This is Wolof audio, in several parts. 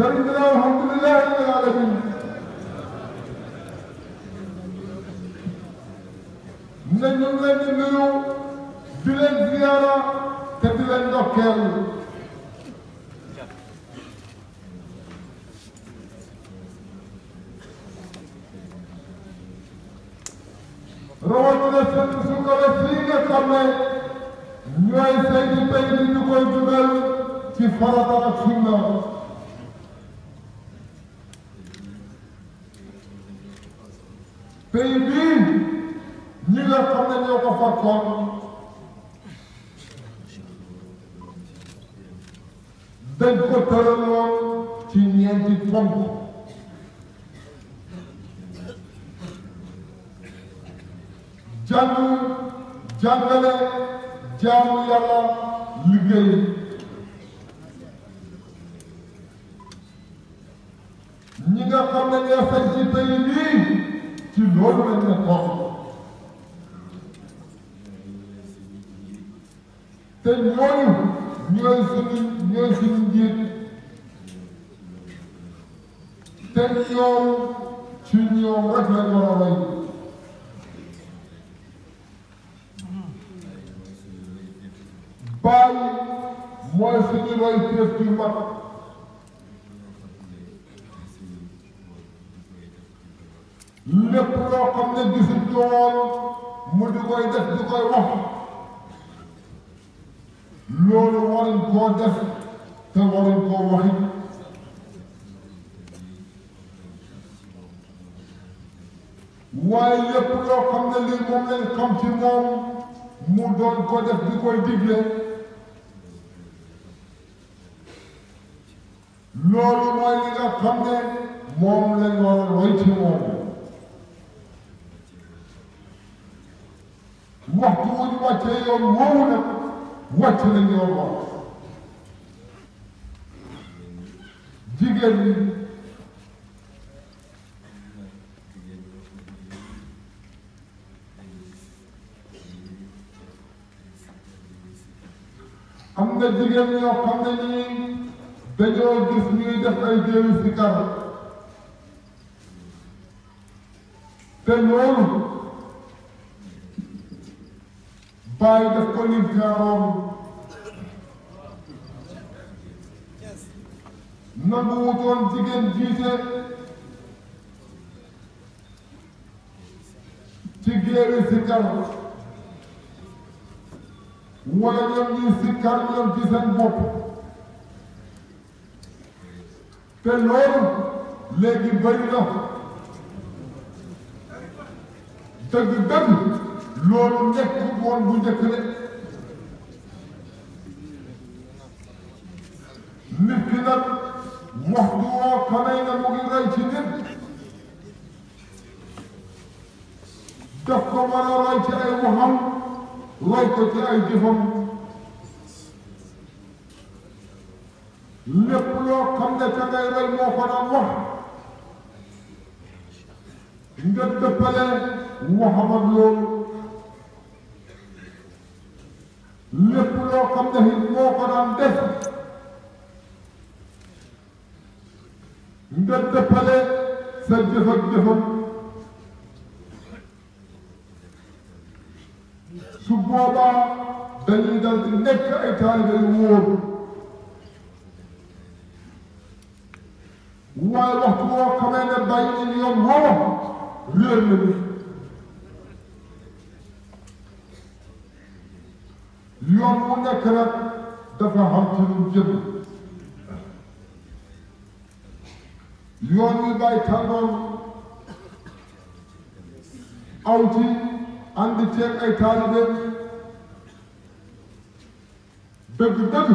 ذلك لله والحمد لله رب العالمين nañu leen di nuyu di leen ziyaara te di leen ndokkeel rawatina seen sukkale fii nga xam ne ñooy saytu tey di ñu koy dugal ci farata ak sunna pays bii ñi nga xam ne ñoo ko fokkoon dañ ko tëraloon ci ñeenti ponk jàng jàngale jaamu yàlla liggéey ñi nga xam ne ñoo sañ ci pays bii ci loolu lañ leen wax te ñooñu ñooy suñu ñooy suñu njiit te ñoom ci ñoom rek la ñu war a roy bàyyi mooy suñu loo xam ne gisul ko woon mu di koy def di koy wax loolu waruñ koo def te waruñ koo waxi waaye lépp loo xam ne lii moom lañ xam ci moom mu doon ko def di koy digle loolu mooy li nga ne moom lañ war a roy ci moom yoon woowu nag wàcc nañ yoon woowu jigéen am na jigéen ñoo xam ne nii dañoo gis ñuy def ay jéewi si kar te loolu bàyyi daf ko lim gaaroom nangu wutoon jigéen jiite ci géewi sikkar wala ñoom ñuy sikkar ñoom ci seen bopp te loolu léegi bëri na dëgg dëgg loolu nekkul woon bu njëkk de nit ki nag wax du woo xamee ne mu ngi rey ci nit daf ko war a roy ci ay waxam roy ko ci ay jëfam lépp loo xam ne ka ngay rey moo ko daan wax nga dëppale waxam ak xam ne moo ko daan def nga dëppale sa jëf ak jëfam su boobaa dañuy dal di nekk ay taalibe yu wóor waaye waxtu woo xamee ne bàyyi yoon woowa réer na yoon mu nekk rek dafa xam ci lu jëm yoon wi bàyyi tàngoon aw ay taalibeem dëgg-dëgg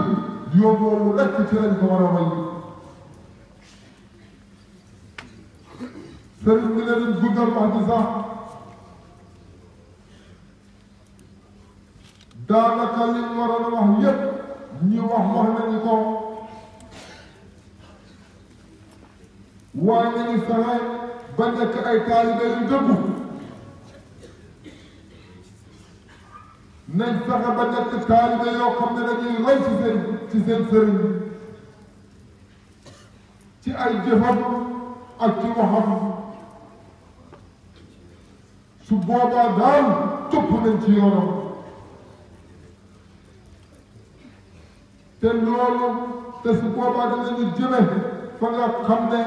yoon woowu rek ci lañ way sëriñ bi ne leen daanaka li ñu waroon a wax yépp ñi wax wax nañu ko waaye nañu fexe ba nekk ay taalibe yu dëggu nañ fexe ba nekk taalibe yoo xam ne dañuy roy ci seen ci seen sëriñ ci ay jëfam ak ci waxam su boobaa daal topp nañ ci yoonam te loolu te su boobaa danañu jëme fa nga xam ne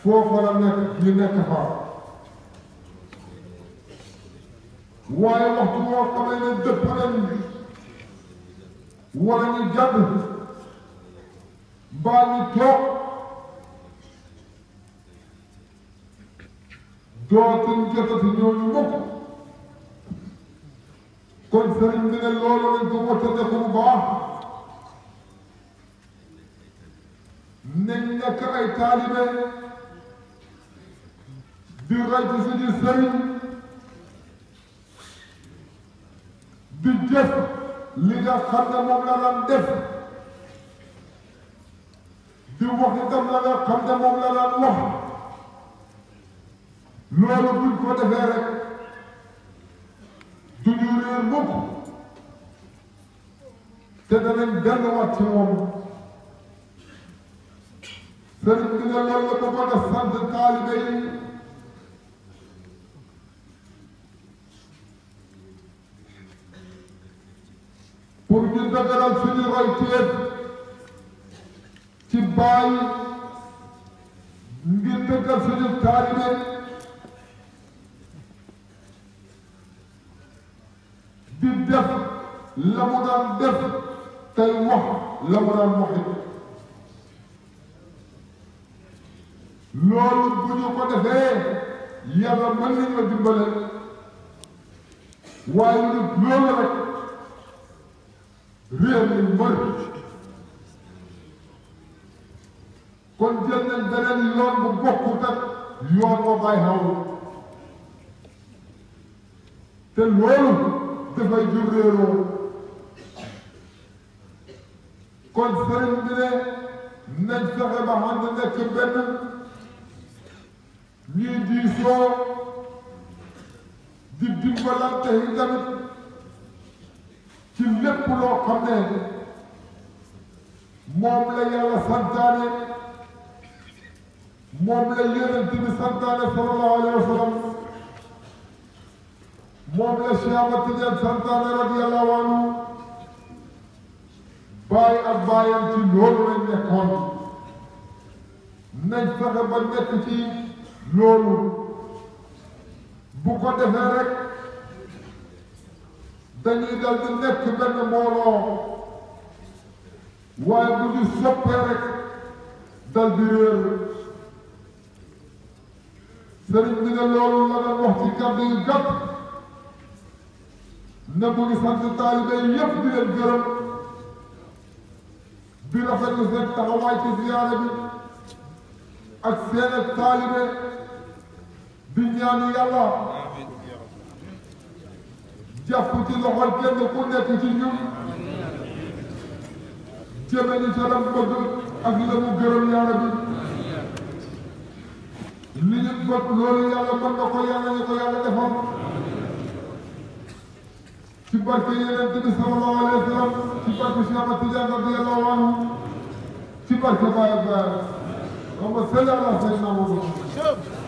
foofa la nekk ñu nekk fa waaye waxtu woo xamee ne dëpp nañ wala ñu jàdd mbaa ñu toog dootuñ jotati ñooñu mukk kon sëriñ bi ne loolu lañ ko wattandeku bu baax nañ nekk ay taalibe di roy ci suñu sëriñ di li nga xam ne moom la daan def di wax itam la nga xam ne moom la daan wax loolu buñ ko defee rek du ñu réer mukk te danañ delluwaat ci sëriñ bi ne loolu la ko mën a sant taalibe yi pour ñu dëgëral suñu royteef ci baay ngir dëggal suñu taalibe di def la mu daan def tey wax la mu daan waxit loolu bu ñu ko defee yàlla mën nañoo dimbale waaye ñu loolu rek réew mi mbër kon jël nañ beneen yoon bu bokkut yoon wa bàyyi xaw te loolu dafay jur réeroo kon sëriñ bi ne nañ fexe ba xam ne nekk benn ñuy diisoo di dimbalante yi tamit ci lépp loo xam ne moom la yàlla santaane moom la yonent bi santaane sallallahu alayhi wa sallam moom la Cheikh Ahmad Tidiane santaane radiyallahu anhu bàyyi ak loolu bu ko defee rek dañuy dal di nekk benn mbooloo waaye bu ñu soppee rek dal di réer sëriñ bi ne loolu la doon wax ci kàddu yu gàtt ne mu ngi sant taalibe yëpp di leen gërëm bi rafetlu seen taxawaay ci ziyaara bi ak seen ak taalibe bi ñaanu yàlla jàpp ci loxol kenn ku nekk ci ñun jëme ni sa lam bëgg ak la mu gërëm yàlla bi li ñu bët loolu yàlla mën na ko yàlla ñu ko yàlla defal ci barke Yonent bi sallallahu alayhi wa sallam ci barke Cheikh Tidiane radiyallahu anhu ci barke Baye Baye اللهم صل على سيدنا محمد